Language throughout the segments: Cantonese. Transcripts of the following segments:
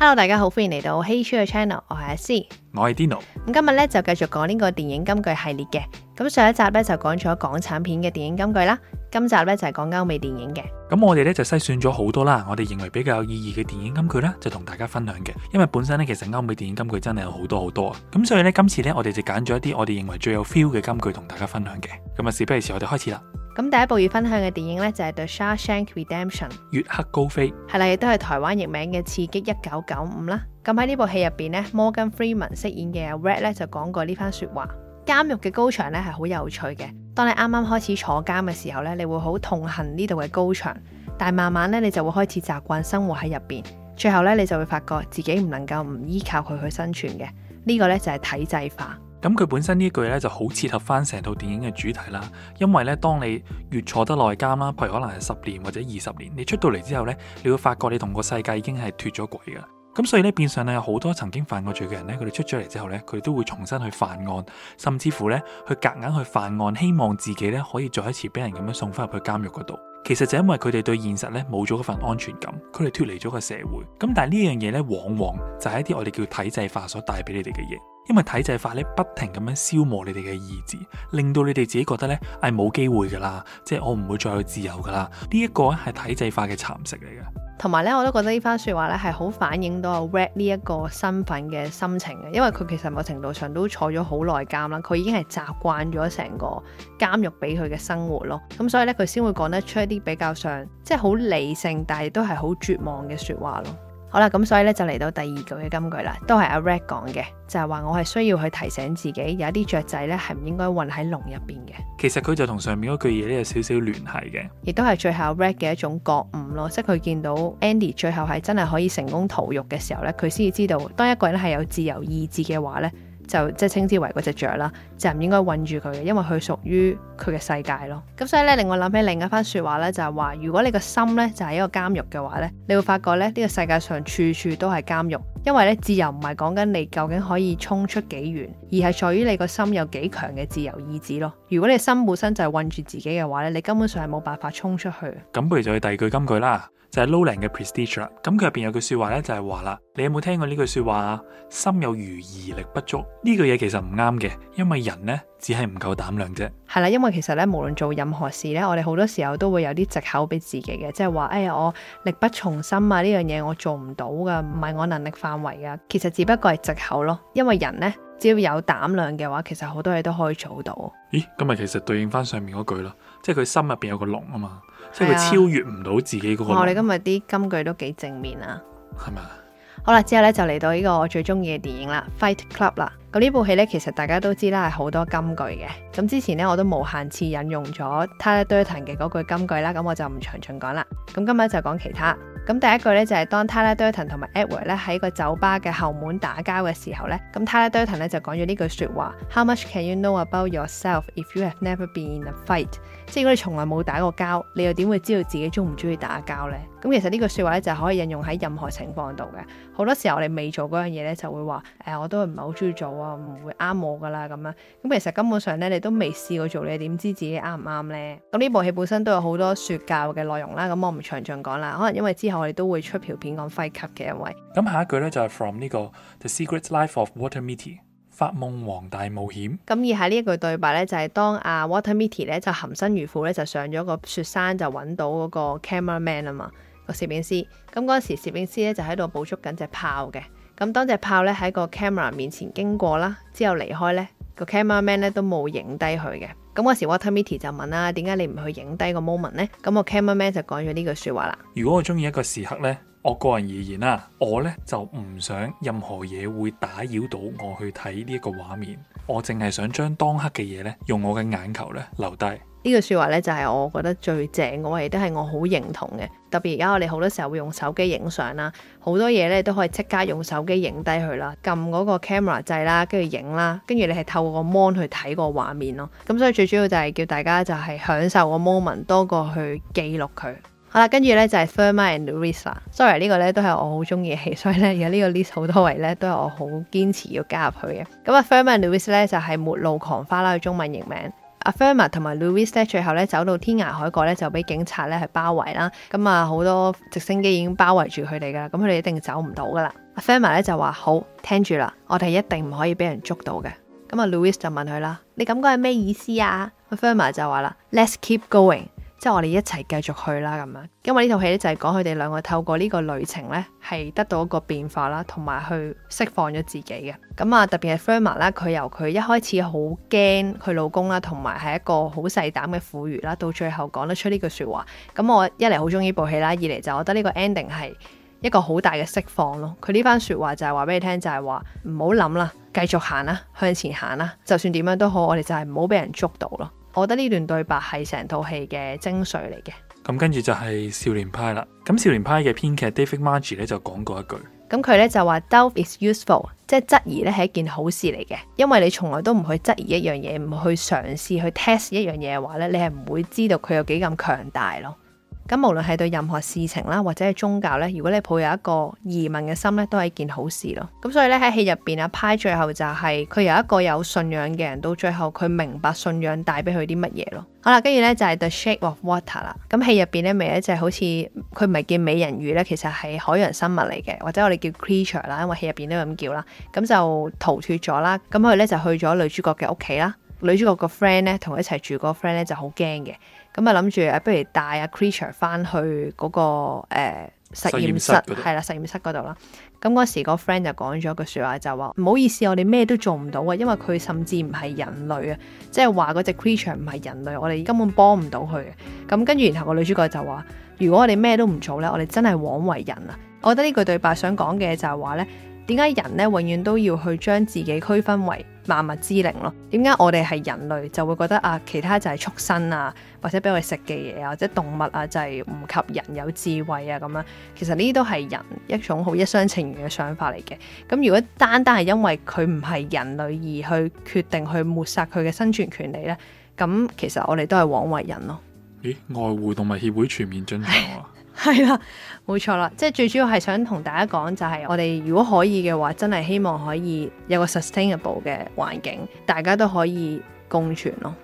Hello，大家好，歡迎嚟到《HeyChill 嘅 Channel》，我係阿 C，我係 Dino。咁今日咧就繼續講呢個電影金句系列嘅。咁上一集咧就講咗港產片嘅電影金句啦，今集咧就係、是、講歐美電影嘅。咁我哋咧就篩選咗好多啦，我哋認為比較有意義嘅電影金句咧就同大家分享嘅。因為本身咧其實歐美電影金句真係有好多好多啊。咁所以呢，今次呢，我哋就揀咗一啲我哋認為最有 feel 嘅金句同大家分享嘅。咁啊，事不宜遲我哋開始啦。咁第一部要分享嘅電影呢，就係《The Shawshank Redemption》《月黑高飛》，係啦，亦都係台灣譯名嘅《刺激一九九五》啦。咁喺呢部戲入邊呢，Morgan Freeman 飾演嘅阿 Red 呢就講過呢番說話：監獄嘅高牆呢，係好有趣嘅。當你啱啱開始坐監嘅時候呢，你會好痛恨呢度嘅高牆，但慢慢呢，你就會開始習慣生活喺入邊，最後呢，你就會發覺自己唔能夠唔依靠佢去生存嘅。呢個呢，就係體制化。咁佢本身呢一句咧就好切合翻成套電影嘅主題啦，因為咧當你越坐得耐監啦，譬如可能係十年或者二十年，你出到嚟之後咧，你會發覺你同個世界已經係脫咗軌嘅。咁所以咧，變相咧有好多曾經犯過罪嘅人咧，佢哋出咗嚟之後咧，佢哋都會重新去犯案，甚至乎咧去夾硬去犯案，希望自己咧可以再一次俾人咁樣送翻入去監獄嗰度。其實就因為佢哋對現實咧冇咗嗰份安全感，佢哋脫離咗個社會。咁但係呢樣嘢咧，往往就係一啲我哋叫體制化所帶俾你哋嘅嘢。因為體制化咧，不停咁樣消磨你哋嘅意志，令到你哋自己覺得咧係冇機會噶啦，即係我唔會再去自由噶啦。呢、這、一個咧係體制化嘅蠶食嚟嘅。同埋呢，我都覺得呢番説話咧係好反映到 Red 呢一個身份嘅心情嘅，因為佢其實某程度上都坐咗好耐監啦，佢已經係習慣咗成個監獄俾佢嘅生活咯。咁所以呢，佢先會講得出一啲比較上即係好理性，但係都係好絕望嘅説話咯。好啦，咁所以咧就嚟到第二句嘅金句啦，都係阿 Red 講嘅，就係話我係需要去提醒自己，有一啲雀仔咧係唔應該混喺籠入邊嘅。其實佢就同上面嗰句嘢咧有少少聯繫嘅，亦都係最後 Red 嘅一種覺悟咯，即係佢見到 Andy 最後係真係可以成功逃獄嘅時候咧，佢先至知道當一個人咧係有自由意志嘅話咧。就即係稱之為嗰隻雀啦，就唔應該韞住佢嘅，因為佢屬於佢嘅世界咯。咁所以咧，令我諗起另一番說話咧，就係話，如果你個心咧就係一個監獄嘅話咧，你會發覺咧呢個世界上處處都係監獄，因為咧自由唔係講緊你究竟可以衝出幾遠，而係在於你個心有幾強嘅自由意志咯。如果你心本身就係韞住自己嘅話咧，你根本上係冇辦法衝出去。咁不如就去第二句金句啦。就係 Nolan 嘅 Prestige 啦，咁佢入邊有句説話咧，就係話啦，你有冇聽過呢句説話啊？心有餘而力不足呢句嘢其實唔啱嘅，因為人呢，只係唔夠膽量啫。係啦，因為其實咧，無論做任何事呢，我哋好多時候都會有啲藉口俾自己嘅，即係話哎呀，我力不從心啊，呢樣嘢我做唔到噶，唔係我能力範圍噶。其實只不過係藉口咯，因為人呢，只要有膽量嘅話，其實好多嘢都可以做到。咦，咁咪其實對應翻上面嗰句咯，即係佢心入邊有個籠啊嘛。即係佢超越唔到自己嗰個。我哋今日啲金句都幾正面啊，係咪啊？ 好啦，之後咧就嚟到呢個我最中意嘅電影啦，《Fight Club》啦。咁呢部戲咧，其實大家都知啦，係好多金句嘅。咁之前咧，我都無限次引用咗 Tyler Durden 嘅嗰句金句啦。咁我就唔詳盡講啦。咁今日就講其他。咁第一句咧就係、是、當 Tyler Durden 同埋 Edward 咧喺個酒吧嘅後門打交嘅時候咧，咁 Tyler Durden 咧就講咗呢句說話：How much can you know about yourself if you have never been in a fight？即係如果你從來冇打過交，你又點會知道自己中唔中意打交呢？咁其實呢句說話咧就可以應用喺任何情況度嘅。好多時候你未做嗰樣嘢咧，就會話誒、哎，我都唔係好中意做啊，唔會啱我噶啦咁啊。咁其實根本上咧，你都未試過做，你點知自己啱唔啱呢？咁呢部戲本身都有好多說教嘅內容啦，咁我唔詳盡講啦。可能因為之後我哋都會出條片講分級嘅，因為咁下一句咧就係 from 呢個 The Secret Life of Walter Mitty《發夢王大冒險》咁而喺呢一句對白呢，就係、是、當阿 Walter Mitty 咧就含辛茹苦咧就上咗個雪山就揾到嗰個 camera man 啊嘛個攝影師。咁嗰時攝影師咧就喺度捕捉緊隻豹嘅。咁當隻豹咧喺個 camera 面前經過啦，之後離開呢，個 camera man 咧都冇影低佢嘅。咁嗰時 Walter Mitty 就問啦：點解你唔去影低個 moment 呢？那那」咁個 camera man 就講咗呢句説話啦：如果我中意一個時刻呢。」我個人而言啦，我咧就唔想任何嘢會打擾到我去睇呢一個畫面，我淨係想將當刻嘅嘢咧，用我嘅眼球咧留低。呢個說話咧就係我覺得最正嘅，我亦都係我好認同嘅。特別而家我哋好多時候會用手機影相啦，好多嘢咧都可以即刻用手機影低佢啦，撳嗰個 camera 掣啦，跟住影啦，跟住你係透過個 mon 去睇個畫面咯。咁所以最主要就係叫大家就係享受個 moment 多過去記錄佢。好啦，跟住呢就係 Thelma and Louise。Sorry，呢個呢都係我好中意嘅戲，所以呢而家呢個 list 好多位呢都係我好堅持要加入、就是、去嘅。咁啊，Thelma and Louise 咧就係末路狂花啦嘅中文譯名。阿 Thelma 同埋 Louise 咧最後呢走到天涯海角呢就俾警察咧去包圍啦，咁啊好多直升機已經包圍住佢哋噶啦，咁佢哋一定走唔到噶啦。阿 Thelma 咧就話好，聽住啦，我哋一定唔可以俾人捉到嘅。咁啊 Louise 就問佢啦，你咁講係咩意思啊？阿 Thelma 就話啦，Let's keep going。即係我哋一齊繼續去啦咁樣，因為呢套戲咧就係講佢哋兩個透過呢個旅程咧係得到一個變化啦，同埋去釋放咗自己嘅。咁啊特別係 f e m a t 啦，佢由佢一開始好驚佢老公啦，同埋係一個好細膽嘅婦孺啦，到最後講得出呢句說話。咁我一嚟好中意呢部戲啦，二嚟就我覺得呢個 ending 係一個好大嘅釋放咯。佢呢番說話就係話俾你聽，就係話唔好諗啦，繼續行啦，向前行啦，就算點樣都好，我哋就係唔好俾人捉到咯。我覺得呢段對白係成套戲嘅精髓嚟嘅。咁跟住就係《少年派》啦。咁《少年派》嘅編劇 David Margie 咧就講過一句，咁佢咧就話 Doubt is useful，即係質疑咧係一件好事嚟嘅，因為你從來都唔去質疑一樣嘢，唔去嘗試去 test 一樣嘢嘅話咧，你係唔會知道佢有幾咁強大咯。咁無論係對任何事情啦，或者係宗教咧，如果你抱有一個疑問嘅心咧，都係一件好事咯。咁所以咧喺戲入邊啊，派最後就係佢由一個有信仰嘅人，到最後佢明白信仰帶俾佢啲乜嘢咯。好啦，跟住咧就係、是、The Shape of Water 啦。咁戲入邊咧咪一隻好似佢唔係叫美人魚咧，其實係海洋生物嚟嘅，或者我哋叫 creature 啦，因為戲入邊都咁叫啦。咁就逃脫咗啦。咁佢咧就去咗女主角嘅屋企啦。女主角個 friend 咧同佢一齊住個 friend 咧就好驚嘅。咁啊諗住啊，不如帶阿 creature 翻去嗰個誒實驗室，係啦實驗室嗰度啦。咁嗰時個 friend 就講咗句說話，就話唔好意思，我哋咩都做唔到啊，因為佢甚至唔係人類啊，即係話嗰隻 creature 唔係人類，我哋根本幫唔到佢嘅。咁跟住然後個女主角就話：如果我哋咩都唔做咧，我哋真係枉為人啊！我覺得呢句對白想講嘅就係話咧，點解人咧永遠都要去將自己區分為，萬物之靈咯，點解我哋係人類就會覺得啊，其他就係畜生啊，或者俾我哋食嘅嘢啊，或者動物啊，就係、是、唔及人有智慧啊咁樣？其實呢啲都係人一種好一廂情願嘅想法嚟嘅。咁如果單單係因為佢唔係人類而去決定去抹殺佢嘅生存權利呢，咁其實我哋都係枉為人咯。咦、欸？愛護動物協會全面進行。 係啦，冇錯啦，即係最主要係想同大家講就係，我哋如果可以嘅話，真係希望可以有個 sustainable 嘅環境，大家都可以共存咯。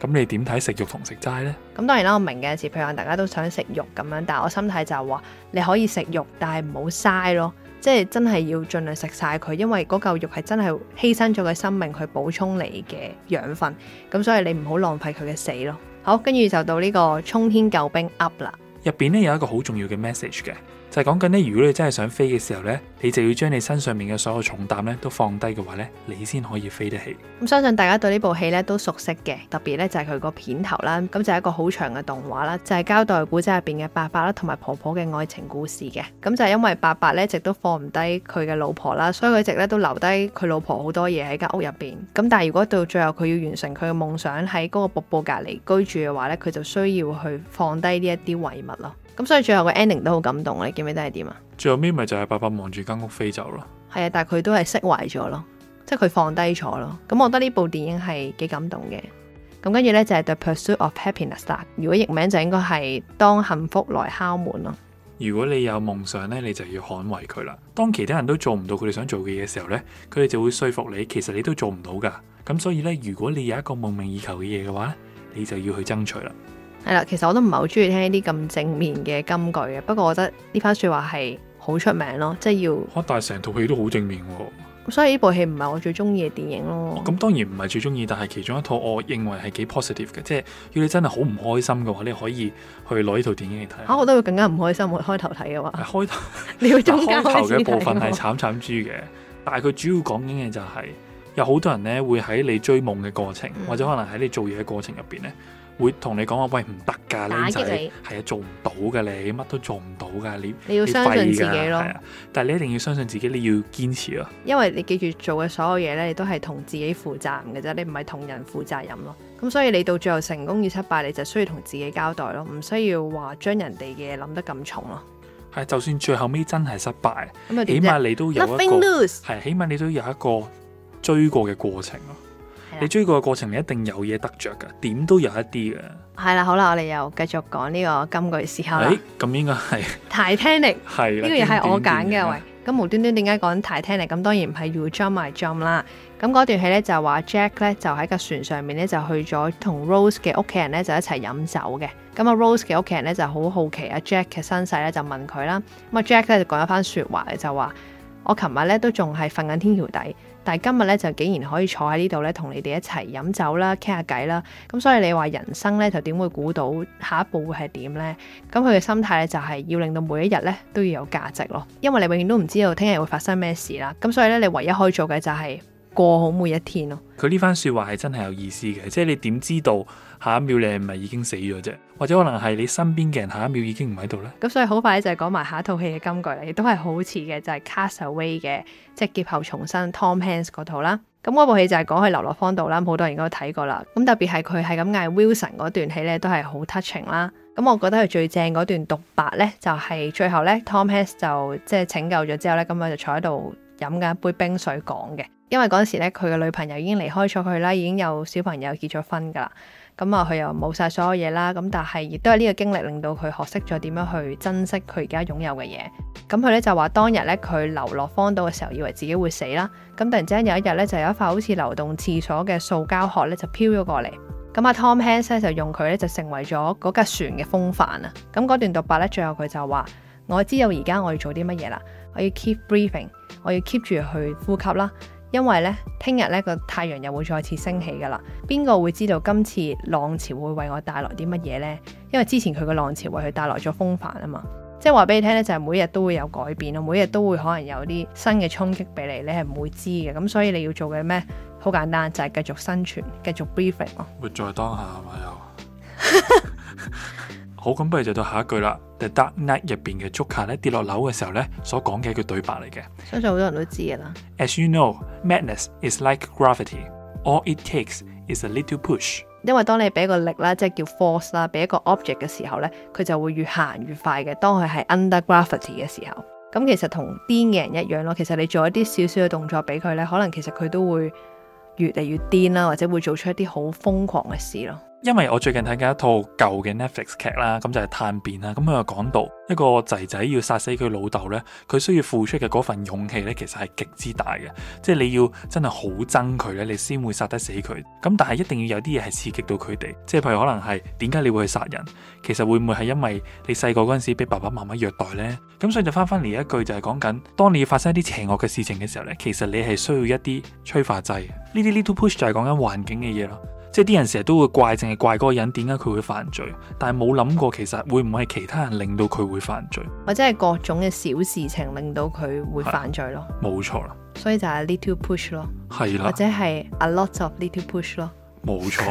咁你點睇食肉同食齋呢？咁當然啦，我明嘅事，譬如話大家都想食肉咁樣，但我心態就話你可以食肉，但係唔好嘥咯，即係真係要盡量食晒佢，因為嗰嚿肉係真係犧牲咗佢嘅生命去補充你嘅養分，咁所以你唔好浪費佢嘅死咯。好，跟住就到呢個衝天救兵 up 啦。入邊咧有一個好重要嘅 message 嘅。就係講緊咧，如果你真係想飛嘅時候呢，你就要將你身上面嘅所有重擔咧都放低嘅話呢，你先可以飛得起。咁相信大家對呢部戲咧都熟悉嘅，特別呢就係佢個片頭啦，咁就一個好長嘅動畫啦，就係交代古仔入邊嘅伯伯啦同埋婆婆嘅愛情故事嘅。咁就係因為伯伯咧一直都放唔低佢嘅老婆啦，所以佢一直咧都留低佢老婆好多嘢喺間屋入邊。咁但係如果到最後佢要完成佢嘅夢想喺嗰個瀑布隔籬居住嘅話呢，佢就需要去放低呢一啲遺物咯。咁所以最後個 ending 都好感動，你記唔記得係點啊？最後尾咪就係爸爸望住間屋飛走咯。係啊，但係佢都係釋懷咗咯，即係佢放低咗咯。咁我覺得呢部電影係幾感動嘅。咁跟住呢，就係 The Pursuit of Happiness。如果譯名就應該係當幸福來敲門咯。如果你有夢想呢，你就要捍衛佢啦。當其他人都做唔到佢哋想做嘅嘢時候呢，佢哋就會說服你，其實你都做唔到噶。咁所以呢，如果你有一個夢寐以求嘅嘢嘅話，你就要去爭取啦。係啦，其實我都唔係好中意聽呢啲咁正面嘅金句嘅。不過我覺得呢番說話係好出名咯，即係要。啊、但係成套戲都好正面喎。所以呢部戲唔係我最中意嘅電影咯。咁、哦、當然唔係最中意，但係其中一套我認為係幾 positive 嘅，即係要你真係好唔開心嘅話，你可以去攞呢套電影嚟睇。吓、啊，我都會更加唔開心。會開頭睇嘅話，開頭。你要中間開始睇。開頭嘅部分係慘慘豬嘅， 但係佢主要講緊嘅就係有好多人呢會喺你追夢嘅過程，嗯、或者可能喺你做嘢嘅過程入邊咧。會同你講話，喂，唔得㗎，你係啊，做唔到㗎你，乜都做唔到㗎你，你要相信自己咯。但係你一定要相信自己，你要堅持咯。因為你記住做嘅所有嘢咧，你都係同自己負責任嘅啫，你唔係同人負責任咯。咁所以你到最後成功與失敗，你就需要同自己交代咯，唔需要話將人哋嘅嘢諗得咁重咯。係，就算最後尾真係失敗，起碼你都有一個，係起碼你都有一個追過嘅過程咯。你追過嘅過程，你一定有嘢得着噶，點都有一啲嘅。係啦，好 啦樂，我哋又繼續講呢個今個時候啦。誒，咁應該係 Titanic 係呢個嘢係我揀嘅喂。咁 無端端點解講 Titanic？咁當然唔係 you jump I jump 啦。咁嗰段戲咧就話 Jack 咧就喺個船上面咧就去咗同 Rose 嘅屋企人咧就一齊飲酒嘅。咁啊 Rose 嘅屋企人咧就好好奇阿 Jack 嘅身世咧就問佢啦。咁啊 Jack 咧就講咗番説話嘅，就話我琴日咧都仲係瞓緊天橋底。但係今日咧就竟然可以坐喺呢度咧，同你哋一齊飲酒啦、傾下偈啦，咁所以你話人生咧就點會估到下一步會係點呢？咁佢嘅心態咧就係要令到每一日咧都要有價值咯，因為你永遠都唔知道聽日會發生咩事啦，咁所以咧你唯一可以做嘅就係過好每一天咯。佢呢番說話，係真係有意思嘅，即係你點知道？下一秒你係咪已經死咗啫，或者可能係你身邊嘅人下一秒已經唔喺度咧。咁所以好快咧就係講埋下一套戲嘅金句亦都係好似嘅就係、是、Cast Away 嘅，即、就、係、是、劫後重生 Tom Hanks 嗰套啦。咁嗰部戲就係講佢流落荒島啦，好多人應該都睇過啦。咁特別係佢係咁嗌 Wilson 嗰段戲咧，都係好 touching 啦。咁我覺得佢最正嗰段獨白咧，就係、是、最後咧 Tom Hanks 就即係、就是、拯救咗之後咧，咁佢就坐喺度飲緊一杯冰水講嘅，因為嗰時咧佢嘅女朋友已經離開咗佢啦，已經有小朋友結咗婚噶啦。咁啊，佢、嗯、又冇晒所有嘢啦。咁但係亦都係呢個經歷令到佢學識咗點樣去珍惜佢而家擁有嘅嘢。咁佢咧就話當日咧佢流落荒島嘅時候，以為自己會死啦。咁、嗯、突然之間有一日咧，就有一塊好似流動廁所嘅塑膠殼咧就飄咗過嚟。咁、嗯、阿 Tom Hanks 咧就用佢咧就成為咗嗰架船嘅風帆啊。咁、嗯、嗰段獨白咧最後佢就話：我知道而家我要做啲乜嘢啦。我要 keep breathing，我要 keep 住去呼吸啦。因為咧，聽日咧個太陽又會再次升起噶啦，邊個會知道今次浪潮會為我帶來啲乜嘢呢？因為之前佢個浪潮為佢帶來咗風帆啊嘛，即係話俾你聽咧，就係每日都會有改變咯，每日都會可能有啲新嘅衝擊俾你，你係唔會知嘅，咁所以你要做嘅咩？好簡單，就係繼續生存，繼續 breathing 活，在當下，係咪？ 好，咁不如就到下一句啦，《The Dark Knight》入邊嘅 Joker 咧，跌落樓嘅時候咧，所講嘅一句對白嚟嘅，相信好多人都知噶啦。As you know, madness is like gravity. All it takes is a little push. 因為當你俾個力啦，即係叫 force 啦，俾一個 object 嘅時候咧，佢就會越行越快嘅。當佢係 under gravity 嘅時候，咁其實同癲嘅人一樣咯。其實你做一啲少少嘅動作俾佢咧，可能其實佢都會越嚟越癲啦，或者會做出一啲好瘋狂嘅事咯。因為我最近睇緊一套舊嘅 Netflix 劇啦，咁就係探辯，啦，咁佢又講到一個仔仔要殺死佢老豆呢，佢需要付出嘅嗰份勇氣呢，其實係極之大嘅，即係你要真係好憎佢呢，你先會殺得死佢。咁但係一定要有啲嘢係刺激到佢哋，即係譬如可能係點解你會去殺人？其實會唔會係因為你細個嗰陣時俾爸爸媽媽虐待呢？咁所以就翻翻嚟一句就係講緊，當你要發生一啲邪惡嘅事情嘅時候呢，其實你係需要一啲催化劑。呢啲 little push 就係講緊環境嘅嘢咯。即係啲人成日都會怪，淨係怪嗰個人點解佢會犯罪，但係冇諗過其實會唔會係其他人令到佢會犯罪，或者係各種嘅小事情令到佢會犯罪咯。冇錯啦，所以就係 little push 咯，係啦，或者係 a lot of little push 咯。冇錯，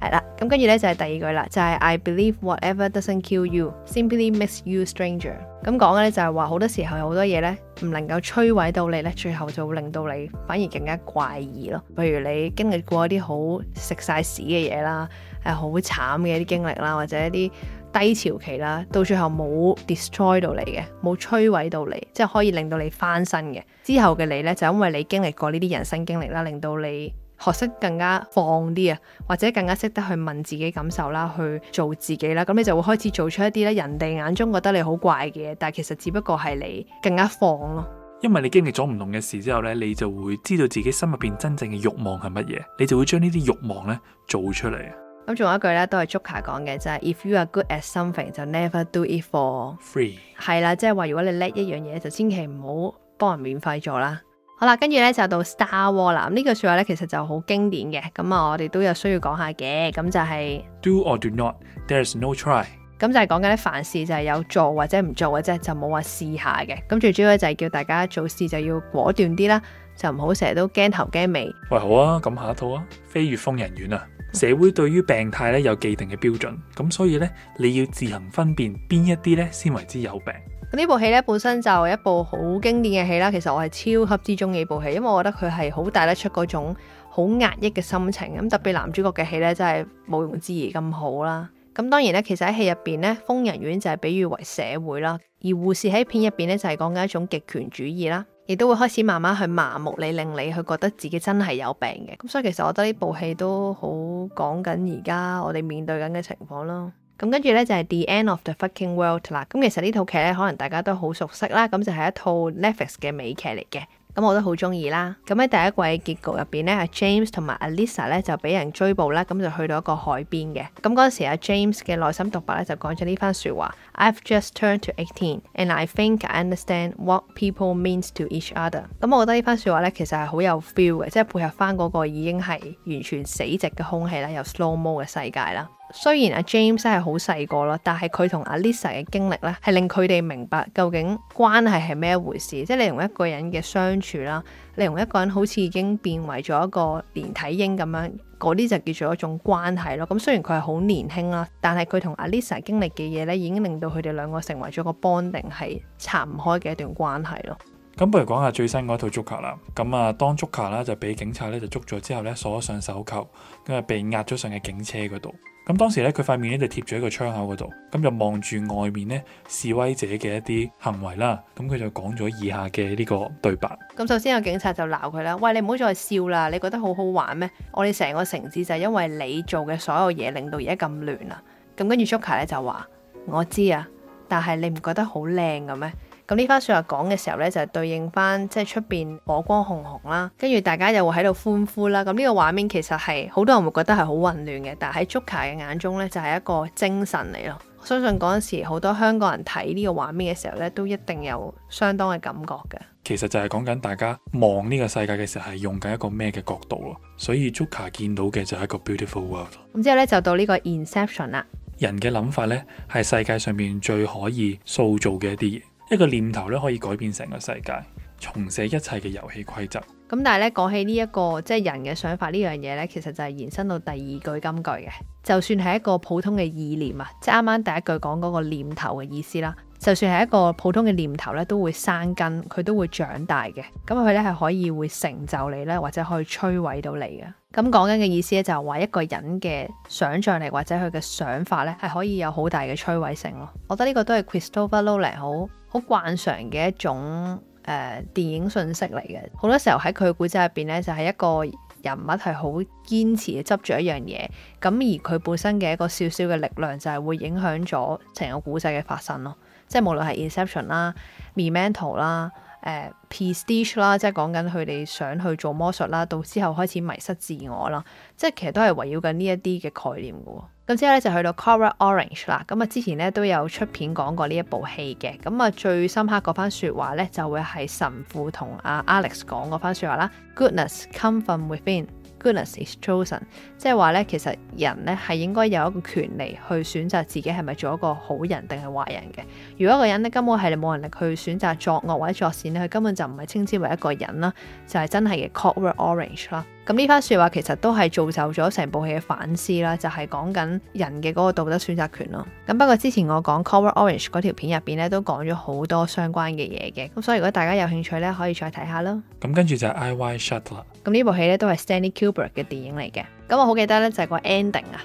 係啦。咁跟住咧就係第二句啦，就係 I believe whatever doesn't kill you simply makes you stranger。咁講嘅咧就係話好多時候有好多嘢咧，唔能夠摧毀到你呢，最後就會令到你反而更加怪異咯。譬如你經歷過一啲好食晒屎嘅嘢啦，係好慘嘅一啲經歷啦，或者一啲低潮期啦，到最後冇 destroy 到你嘅，冇摧毀到你，即係可以令到你翻身嘅。之後嘅你呢，就因為你經歷過呢啲人生經歷啦，令到你，學識更加放啲啊，或者更加識得去問自己感受啦，去做自己啦，咁你就會開始做出一啲咧人哋眼中覺得你好怪嘅嘢，但係其實只不過係你更加放咯。因為你經歷咗唔同嘅事之後咧，你就會知道自己心入邊真正嘅慾望係乜嘢，你就會將呢啲慾望咧做出嚟。咁仲有一句咧，都係 Joker 講嘅，就係，If you are good at something，就 never do it for free。係啦，即係話如果你叻一樣嘢，就千祈唔好幫人免費做啦。好啦，跟住咧就到 Star Wars 啦。呢句說話咧，其實就好經典嘅。咁啊，我哋都有需要講下嘅。咁就係 Do or do not, there's no try。咁就係講緊咧，凡事就係有做或者唔做嘅啫，就冇話試下嘅。咁最主要就係叫大家做事就要果斷啲啦，就唔好成日都驚頭驚尾。喂，好啊，咁下一套啊，飛越瘋人院啊。社會對於病態咧有既定嘅標準，咁所以咧你要自行分辨邊一啲咧先為之有病。咁呢部戲咧本身就一部好經典嘅戲啦，其實我係超級之中意部戲，因為我覺得佢係好帶得出嗰種好壓抑嘅心情，咁特別男主角嘅戲咧真係毋庸置疑咁好啦。咁當然咧，其實喺戲入邊咧，瘋人院就係比喻為社會啦，而護士喺片入邊咧就係講緊一種極權主義啦，亦都會開始慢慢去麻木你，令你去覺得自己真係有病嘅。咁所以其實我覺得呢部戲都好講緊而家我哋面對緊嘅情況咯。咁跟住咧就係 The End of the Fucking World 啦。咁其實呢套劇咧可能大家都好熟悉啦。咁就係一套 Netflix 嘅美劇嚟嘅。咁我都好中意啦。咁喺第一季嘅結局入邊咧，阿 James 同埋 Alisa 咧就俾人追捕啦。咁就去到一個海邊嘅。咁嗰陣時阿 James 嘅內心獨白咧就講咗呢番説話：I've just turned to eighteen and I think I understand what people means to each other。咁我覺得呢番説話咧其實係好有 feel 嘅，即係配合翻嗰個已經係完全死寂嘅空氣啦，又 slow mo 嘅世界啦。雖然阿 James 真係好細個啦，但係佢同阿 Lisa 嘅經歷咧，係令佢哋明白究竟關係係咩一回事。即係你同一個人嘅相處啦，你同一個人好似已經變為咗一個連體嬰咁樣，嗰啲就叫做一種關係咯。咁雖然佢係好年輕啦，但係佢同阿 Lisa 經歷嘅嘢咧，已經令到佢哋兩個成為咗個 bonding 係拆唔開嘅一段關係咯。咁不如講下最新嗰一套 Joker 啦。咁啊，當 Joker 咧就俾警察咧就捉咗之後咧，鎖上手銬，跟住被押咗上嘅警車嗰度。咁當時咧佢塊面咧就貼住喺個窗口嗰度，咁就望住外面咧示威者嘅一啲行為啦。咁佢就講咗以下嘅呢個對白。咁首先有警察就鬧佢啦，喂，你唔好再笑啦，你覺得好好玩咩？我哋成個城市就係因為你做嘅所有嘢，令到而家咁亂啊。咁跟住 Joker 咧就話：我知啊，但係你唔覺得好靚嘅咩？咁呢番説話講嘅時候呢，就係對應翻即係出邊火光紅紅啦，跟住大家又會喺度歡呼啦。咁呢個畫面其實係好多人會覺得係好混亂嘅，但係喺 Joker 嘅眼中呢，就係、是、一個精神嚟咯。我相信嗰陣時好多香港人睇呢個畫面嘅時候呢，都一定有相當嘅感覺嘅。其實就係講緊大家望呢個世界嘅時候係用緊一個咩嘅角度咯。所以 Joker 見到嘅就係一個 beautiful world。咁之後呢，就到呢個 Inception 啦。人嘅諗法呢，係世界上面最可以塑造嘅一啲嘢。一個念頭咧可以改變成個世界，重寫一切嘅遊戲規則。咁但係咧講起呢、這、一個即係人嘅想法呢樣嘢咧，其實就係延伸到第二句金句嘅。就算係一個普通嘅意念啊，即係啱啱第一句講嗰個念頭嘅意思啦，就算係一個普通嘅念頭咧，都會生根，佢都會長大嘅。咁佢咧係可以會成就你咧，或者可以摧毀到你嘅。咁講緊嘅意思咧就係、是、話一個人嘅想象力或者佢嘅想法咧係可以有好大嘅摧毀性咯。我覺得呢個都係 Christopher Nolan 好。好慣常嘅一種誒、呃、電影信息嚟嘅，好多時候喺佢嘅古仔入邊咧，就係、是、一個人物係好堅持執住一樣嘢，咁而佢本身嘅一個少少嘅力量就係會影響咗成個古仔嘅發生咯。即係無論係 Inception 啦、Memento 啦、誒、呃、Prestige 啦，即係講緊佢哋想去做魔術啦，到之後開始迷失自我啦，即係其實都係圍繞緊呢一啲嘅概念嘅。咁之後咧就去到《Clockwork Orange》啦，咁啊之前咧都有出片講過呢一部戲嘅，咁啊最深刻嗰番説話咧就會係神父同阿 Alex 講嗰番説話啦：Goodness come from within，goodness is chosen，即係話咧其實人咧係應該有一個權利去選擇自己係咪做一個好人定係壞人嘅。如果一個人咧根本係冇能力去選擇作惡或者作善咧，佢根本就唔係稱之為一個人啦，就係、是、真係嘅《Clockwork Orange》啦。咁呢番説話其實都係造就咗成部戲嘅反思啦，就係、是、講緊人嘅嗰個道德選擇權咯。咁不過之前我講 Cover Orange 嗰條片入邊咧，都講咗好多相關嘅嘢嘅。咁所以如果大家有興趣咧，可以再睇下咯。咁跟住就係 Eyes Wide Shut 啦。咁呢部戲咧都係 Stanley Kubrick 嘅電影嚟嘅。咁我好記得咧就係、是、個 ending 啊。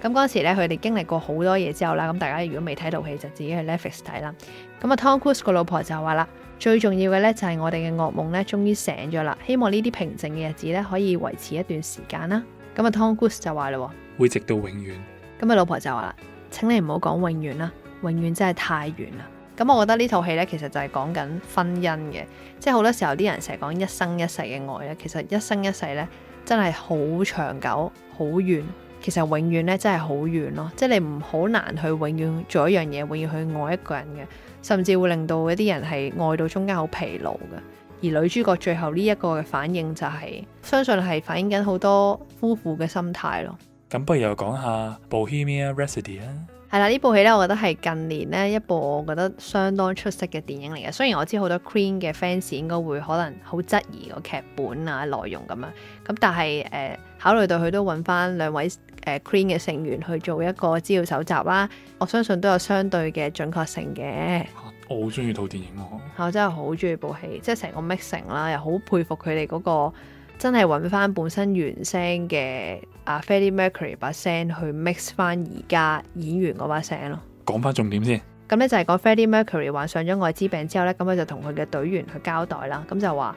咁嗰陣時咧佢哋經歷過好多嘢之後啦，咁大家如果未睇套戲就自己去 Netflix 睇啦。咁啊 Tom Cruise 個老婆就話啦。最重要嘅咧就係我哋嘅噩夢咧終於醒咗啦，希望呢啲平靜嘅日子咧可以維持一段時間啦。咁啊，Tom Cruise 就話啦，會直到永遠。咁啊，老婆就話啦，請你唔好講永遠啦，永遠真係太遠啦。咁我覺得呢套戲咧其實就係講緊婚姻嘅，即係好多時候啲人成日講一生一世嘅愛咧，其實一生一世咧真係好長久，好遠。其實永遠咧真係好遠咯，即係你唔好難去永遠做一樣嘢，永遠去愛一個人嘅，甚至會令到一啲人係愛到中間好疲勞嘅。而女主角最後呢一個嘅反應就係、是，相信係反映緊好多夫婦嘅心態咯。咁不如又講下《Bohemian Rhapsody》啊。係啦，呢部戲咧，我覺得係近年呢一部我覺得相當出色嘅電影嚟嘅。雖然我知好多 Queen 嘅 fans 應該會可能好質疑個劇本啊內容咁樣，咁但係誒。呃考慮到佢都揾翻兩位誒 Queen 嘅成員去做一個資料搜集啦，我相信都有相對嘅準確性嘅。我好中意套電影咯，啊，我真係好中意部戲，即係成個 mixing 啦，又好佩服佢哋嗰個真係揾翻本身原聲嘅阿 Freddy Mercury 把聲去 mix 翻而家演員嗰把聲咯。講翻重點先，咁呢，就係講 Freddy Mercury 患上咗艾滋病之後呢，咁佢就同佢嘅隊員去交代啦。咁就話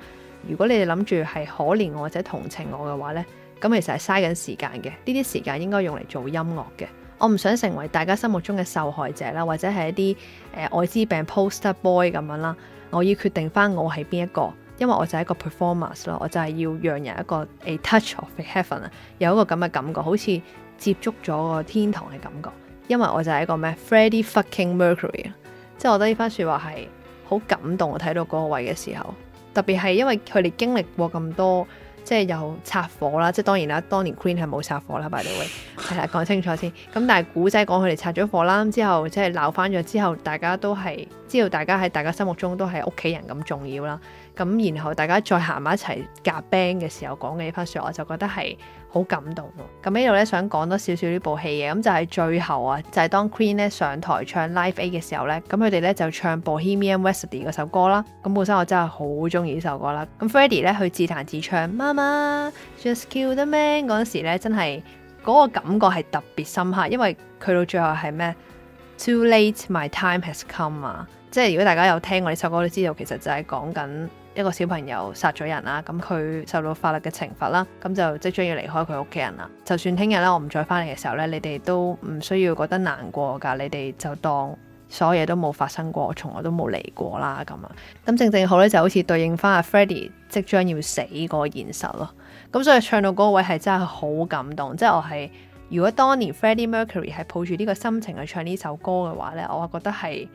如果你哋諗住係可憐我或者同情我嘅話呢。」咁其實係嘥緊時間嘅，呢啲時間應該用嚟做音樂嘅。我唔想成為大家心目中嘅受害者啦，或者係一啲誒愛滋病 poster boy 咁樣啦。我要決定返我係邊一個，因為我就係一個 performance 咯，我就係要讓人一個 a touch of heaven 啊，有一個咁嘅感覺，好似接觸咗個天堂嘅感覺。因為我就係一個咩 Freddie fucking Mercury 啊，即係我覺得呢番説話係好感動。我睇到嗰個位嘅時候，特別係因為佢哋經歷過咁多。即係又拆夥啦，即係當然啦。當年 Queen 係冇拆夥啦，By the way，係啦，講清楚先。咁但係古仔講佢哋拆咗夥啦，之後即係鬧翻咗之後，大家都係知道大家喺大家心目中都係屋企人咁重要啦。咁然後大家再行埋一齊夾 band 嘅時候講嘅呢番話，我就覺得係好感動咯。咁呢度咧想講多少少呢部戲嘅，咁就係最後啊，就係、是、當 Queen 咧上台唱 Live Aid 嘅時候咧，咁佢哋咧就唱 Bohemian Rhapsody 嗰首歌啦。咁本身我真係好中意呢首歌啦。咁 Freddie 咧佢自彈自唱，媽媽 Just Kill The Man 嗰陣時咧，真係嗰、那個感覺係特別深刻，因為佢到最後係咩？Too late my time has come 啊！即係如果大家有聽過呢首歌，都知道其實就係講緊。一個小朋友殺咗人啦，咁佢受到法律嘅懲罰啦，咁就即將要離開佢屋企人啦。就算聽日咧，我唔再翻嚟嘅時候咧，你哋都唔需要覺得難過㗎，你哋就當所有嘢都冇發生過，從來都冇嚟過啦咁啊。咁正正好咧，就好似對應翻阿 Freddie 即將要死嗰個現實咯。咁所以唱到嗰位係真係好感動，即係我係如果當年 Freddie Mercury 係抱住呢個心情去唱呢首歌嘅話咧，我覺得係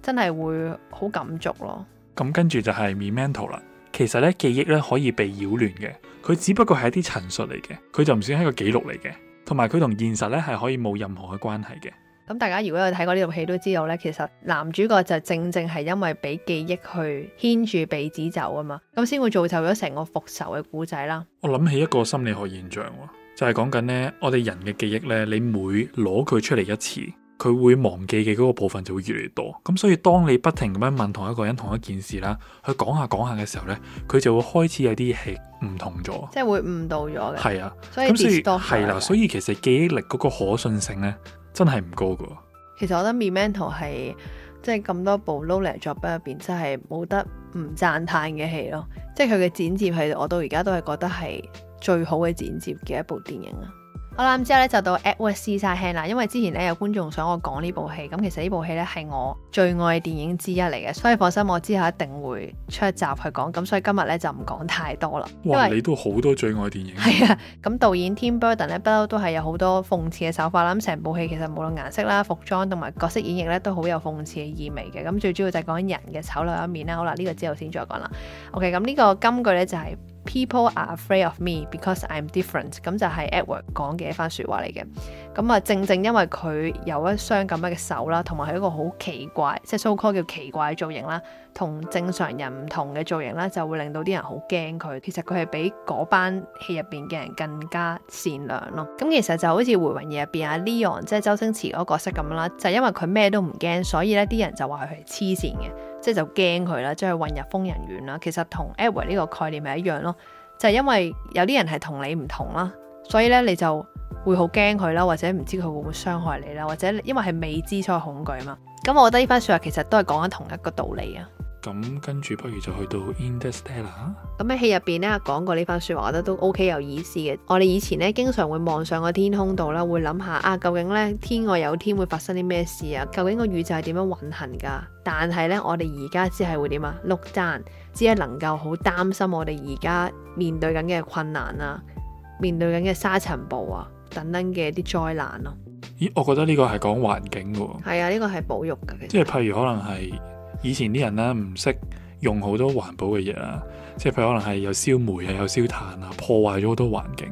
真係會好感觸咯。咁跟住就係 Memento 啦。其實咧，記憶咧，可以被擾亂嘅，佢只不過係一啲陳述嚟嘅，佢就唔算係一個記錄嚟嘅，同埋佢同現實咧係可以冇任何嘅關係嘅。咁大家如果有睇過呢套戲都知道咧，其實男主角就正正係因為俾記憶去牽住鼻子走啊嘛，咁先會造就咗成個復仇嘅故仔啦。我諗起一個心理學現象喎，就係講緊咧，我哋人嘅記憶咧，你每攞佢出嚟一次。佢會忘記嘅嗰個部分就會越嚟越多，咁所以當你不停咁樣問同一個人同一件事啦，去講下講下嘅時候呢，佢就會開始有啲戲唔同咗，即係會誤導咗嘅。係啊，所以係啦，所以其實記憶力嗰個可信性呢，真係唔高噶。其實我覺得《Memento》係即係咁多部 Nolan 作品入邊，真係冇得唔讚歎嘅戲咯。即係佢嘅剪接係，我到而家都係覺得係最好嘅剪接嘅一部電影啊。好啦，咁之後咧就到《Edward Scissorhands》啦，因為之前咧有觀眾想我講呢部戲，咁其實呢部戲咧係我最愛電影之一嚟嘅，所以放心，我之後一定會出一集去講。咁所以今日咧就唔講太多啦。哇，你都好多最愛電影。係啊，咁導演 Tim Burton 咧不嬲都係有好多諷刺嘅手法啦。咁成部戲其實無論顏色啦、服裝同埋角色演繹咧都好有諷刺嘅意味嘅。咁最主要就係講緊人嘅醜陋一面啦。好啦，呢、這個之後先再講啦。OK，咁呢個金句咧就係、是。People are afraid of me because I'm different。咁就係 Edward 講嘅一番説話嚟嘅。咁啊，正正因為佢有一雙咁樣嘅手啦，同埋係一個好奇怪，即係 so called 叫奇怪嘅造型啦，同正常人唔同嘅造型啦，就會令到啲人好驚佢。其實佢係比嗰班戲入邊嘅人更加善良咯。咁其實就好似《回魂夜》入邊阿 Leon，即係周星馳嗰個角色咁啦，就係因為佢咩都唔驚，所以咧啲人就話佢係黐線嘅。即係就驚佢啦，即係混入瘋人院啦。其實同 Edward 呢個概念係一樣咯，就係、是、因為有啲人係同你唔同啦，所以咧你就會好驚佢啦，或者唔知佢會唔會傷害你啦，或者因為係未知所以恐懼啊嘛。咁我覺得呢番說話其實都係講緊同一個道理啊。咁跟住，不如就去到 Interstellar。咁喺戲入邊咧，講過呢番說話，我覺得都 OK，有意思嘅。我哋以前咧，經常會望上個天空度啦，會諗下啊，究竟咧天外有天，會發生啲咩事啊？究竟個宇宙係點樣運行噶？但係咧，我哋而家只係會點啊？look down，只係能夠好擔心我哋而家面對緊嘅困難啦、啊，面對緊嘅沙塵暴啊，等等嘅啲災難咯、啊。咦？我覺得呢個係講環境噶。係啊，呢、啊這個係保育噶。其實即係譬如可能係。以前啲人咧唔識用好多環保嘅嘢啊，即係佢可能係有燒煤啊，有燒炭啊，破壞咗好多環境，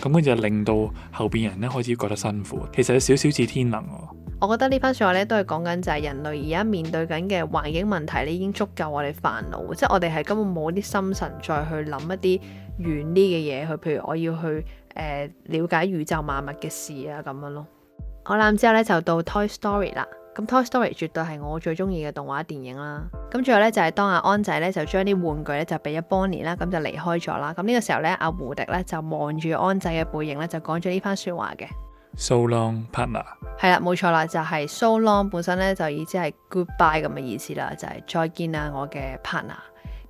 咁佢就令到後邊人咧開始覺得辛苦。其實有少少似天能喎。我覺得番呢番説話咧都係講緊，就係人類而家面對緊嘅環境問題咧已經足夠我哋煩惱，即係我哋係根本冇啲心神再去諗一啲遠啲嘅嘢去，譬如我要去誒了解宇宙萬物嘅事啊咁樣咯。好啦，之後咧就到 Toy Story 啦。咁《Toy Story》絕對係我最中意嘅動畫電影啦。咁最後咧就係、是、當阿安仔咧就將啲玩具咧就俾咗 Bonnie 啦，咁就離開咗啦。咁呢個時候咧，阿、啊、胡迪咧就望住安仔嘅背影咧就講咗呢番説話嘅。So long, partner、啊。係啦，冇錯啦，就係、是、so long 本身咧就意思係 goodbye 咁嘅意思啦，就係再見啦，我嘅 partner，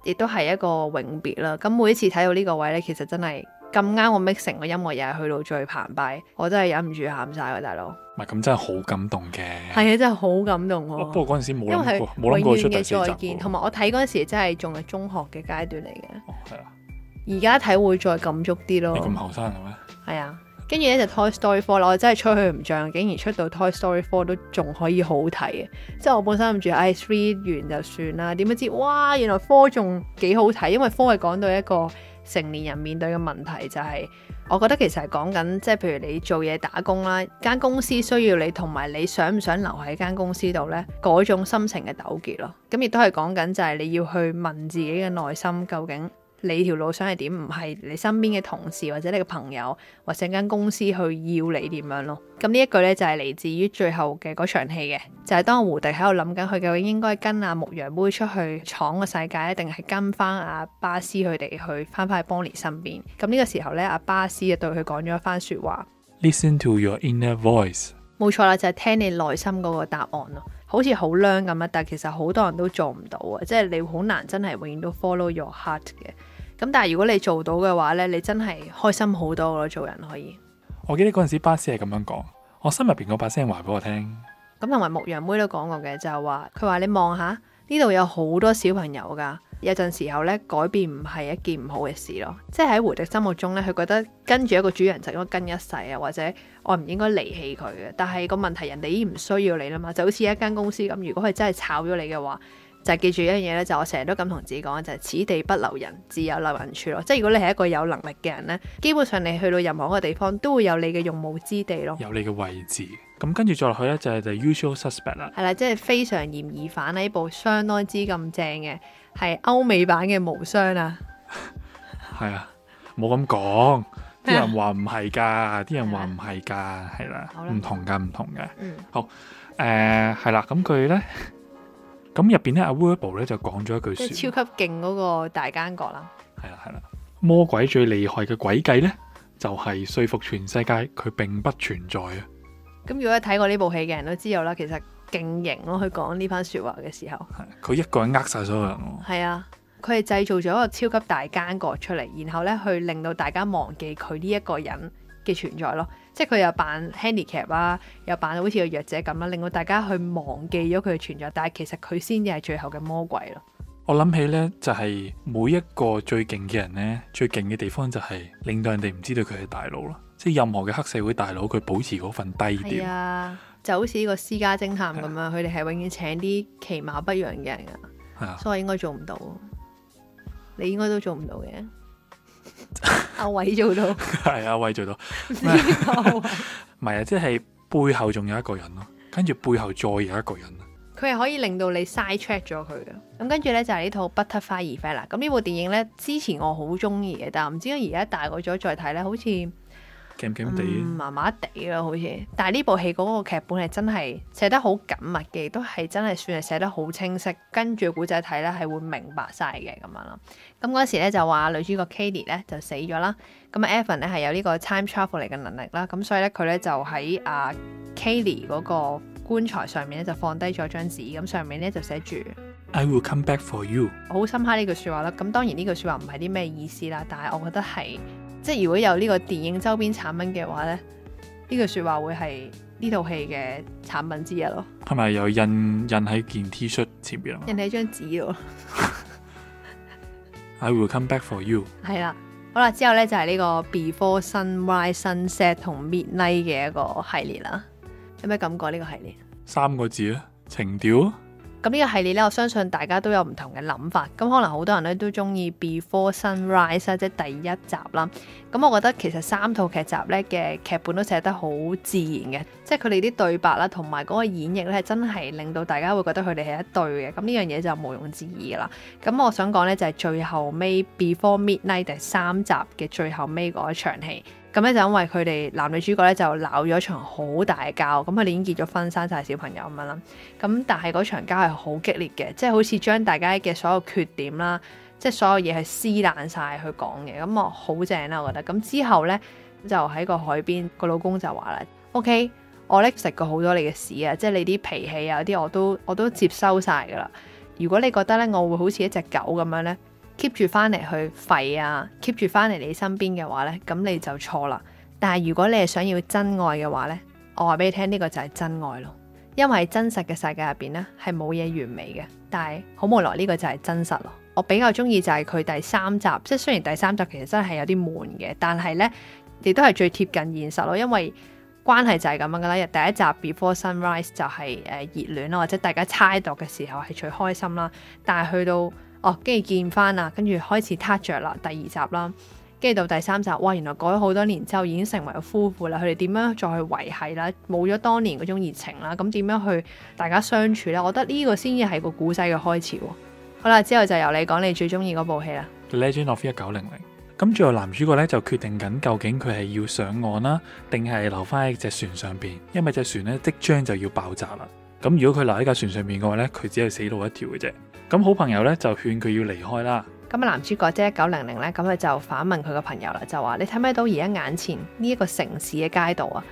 亦都係一個永別啦。咁每一次睇到呢個位咧，其實真係咁啱我 mix 成個音樂又係去到最澎湃，我真係忍唔住喊晒喎，大佬。咁真係好感動嘅，係啊，真係好感動。不過嗰陣時冇諗過，冇諗過再出。同埋我睇嗰陣時，真係仲係中學嘅階段嚟嘅。係啊、哦。而家睇會再感觸啲咯。你咁後生係咩？係啊，跟住咧就 Toy Story Four，我真係吹佢唔脹，竟然出到 Toy Story Four 都仲可以好睇嘅。即係我本身諗住，唉，Three 完就算啦。點知哇，原來 Four 仲幾好睇，因為 Four 係講到一個成年人面對嘅問題就係。我覺得其實係講緊，即係譬如你做嘢打工啦，間公司需要你，同埋你想唔想留喺間公司度呢？嗰種心情嘅糾結咯。咁亦都係講緊，就係你要去問自己嘅內心究竟。你條路想係點，唔係你身邊嘅同事或者你嘅朋友或者一間公司去要你點樣咯。咁呢一句呢，就係、是、嚟自於最後嘅嗰場戲嘅，就係、是、當胡迪喺度諗緊佢究竟應該跟阿牧羊妹出去闖個世界，定係跟翻阿巴斯佢哋去翻返去邦尼身邊。咁呢個時候呢，阿巴斯就對佢講咗一番説話：Listen to your inner voice。冇錯啦，就係、是、聽你內心嗰個答案咯。好似好靚咁啊，但其實好多人都做唔到啊，即、就、係、是、你好難真係永遠都 follow your heart 嘅。咁但係如果你做到嘅話呢，你真係開心好多咯！做人可以。我記得嗰陣時巴士係咁樣講，我心入邊嗰把聲話俾我聽。咁同埋牧羊妹都講過嘅就係話，佢話你望下呢度有好多小朋友噶，有陣時候呢，改變唔係一件唔好嘅事咯。即係喺胡迪心目中呢，佢覺得跟住一個主人就應該跟一世啊，或者我唔應該離棄佢嘅。但係個問題，人哋已經唔需要你啦嘛，就好似一間公司咁，如果佢真係炒咗你嘅話。就係記住一樣嘢咧，就我成日都咁同自己講嘅，就係此地不留人，自有留人處咯。即係如果你係一個有能力嘅人咧，基本上你去到任何一個地方都會有你嘅用武之地咯。有你嘅位置。咁跟住再落去咧，就係就係 Usual Suspect 啦。係啦，即係非常嫌疑犯呢部相當之咁正嘅，係歐美版嘅無雙啊。係啊，冇咁講，啲人話唔係㗎，啲 人話唔係㗎，係啦，唔同㗎，唔同㗎。嗯，好，誒係啦，咁佢咧。咁入邊咧，阿 Verbal 咧就講咗一句，超級勁嗰個大奸角啦。係啦係啦，魔鬼最厲害嘅詭計咧，就係、是、說服全世界佢並不存在啊！咁如果睇過呢部戲嘅人都知道啦，其實勁型咯，佢講呢番說話嘅時候，佢一個人呃晒所有人。係啊，佢係製造咗一個超級大奸角出嚟，然後咧去令到大家忘記佢呢一個人。存在咯，即係佢又扮 handicap 啦、啊，又扮好似個弱者咁啦，令到大家去忘記咗佢嘅存在，但係其實佢先至係最後嘅魔鬼咯。我諗起咧，就係、是、每一個最勁嘅人咧，最勁嘅地方就係令到人哋唔知道佢係大佬咯。即係任何嘅黑社會大佬，佢保持嗰份低調。啊，就好似呢個私家偵探咁樣，佢哋係永遠請啲奇貌不揚嘅人啊，所以應該做唔到，你應該都做唔到嘅。 阿偉做到，係 阿偉做到，唔知阿偉，唔係啊，即係背後仲有一個人咯，跟住背後再有一個人，佢係可以令到你 side check 咗佢噶，咁跟住咧就係呢套 Butterfly Effect 啦，咁呢部電影咧之前我好中意嘅，但係唔知解而家大個咗再睇咧，好似。麻麻地咯，好似，但係呢部戲嗰個劇本係真係寫得好緊密嘅，都係真係算係寫得好清晰，跟住古仔睇咧係會明白晒嘅咁樣啦。咁嗰時咧就話女主角 Kayleigh 咧就死咗啦，咁 Evan 咧係有呢個 time travel 嚟嘅能力啦，咁所以咧佢咧就喺啊 Kayleigh 嗰個棺材上面咧就放低咗張紙，咁上面咧就寫住 I will come back for you。好深刻呢句說話啦，咁當然呢句說話唔係啲咩意思啦，但係我覺得係。即係如果有呢個電影周邊產品嘅話咧，呢句説話會係呢套戲嘅產品之一咯。係咪有印印喺件 T 恤前邊？印喺張紙喎。 I will come back for you。係啦，好啦，之後咧就係呢個 Before Sunrise、Sunset 同 Midnight 嘅一個系列啦。有咩感覺呢個系列？三個字啊，情調。咁呢個系列咧，我相信大家都有唔同嘅諗法。咁可能好多人咧都中意 Before Sunrise 即係第一集啦。咁我覺得其實三套劇集咧嘅劇本都寫得好自然嘅，即係佢哋啲對白啦，同埋嗰個演繹咧，真係令到大家會覺得佢哋係一對嘅。咁呢樣嘢就毋庸置疑啦。咁我想講咧就係最後尾 Before Midnight 第三集嘅最後尾嗰一場戲。咁咧就因為佢哋男女主角咧就鬧咗場好大交，咁佢哋已經結咗婚、生晒小朋友咁樣啦。咁但係嗰場交係好激烈嘅，即係好似將大家嘅所有缺點啦，即係所有嘢係撕爛晒去講嘅。咁我好正啦，我覺得。咁之後咧就喺個海邊，個老公就話啦：O K，我咧食過好多你嘅屎啊，即係你啲脾氣啊啲我都我都接收晒㗎啦。如果你覺得咧，我會好似一隻狗咁樣咧，keep 住翻嚟去吠啊！keep 住翻嚟你身邊嘅話呢，咁你就錯啦。但係如果你係想要真愛嘅話呢，我話俾你聽，呢個就係真愛咯。因為真實嘅世界入邊呢，係冇嘢完美嘅，但係好無奈，呢個就係真實咯。我比較中意就係佢第三集，即係雖然第三集其實真係有啲悶嘅，但係呢，亦都係最貼近現實咯。因為關係就係咁樣噶啦。第一集 Before Sunrise 就係誒熱戀咯，或者大家猜度嘅時候係最開心啦，但係去到哦，跟住、oh, 見翻啦，跟住開始撻着啦，第二集啦，跟住到第三集，哇，原來過咗好多年之後已經成為咗夫婦啦，佢哋點樣再去維繫啦？冇咗當年嗰種熱情啦，咁點樣去大家相處咧？我覺得呢個先至係個古仔嘅開始喎。好啦，之後就由你講你最中意嗰部戲啦，《Legend of 1900》。咁最後男主角咧就決定緊究竟佢係要上岸啦，定係留翻喺隻船上邊？因為隻船咧即將就要爆炸啦。咁如果佢留喺架船上面嘅話呢，佢只係死路一條嘅啫。咁好朋友呢就勸佢要離開啦。咁啊，男主角即係一九零零呢，咁佢就反問佢個朋友啦，就話你睇唔睇到而家眼前呢一個城市嘅街道啊？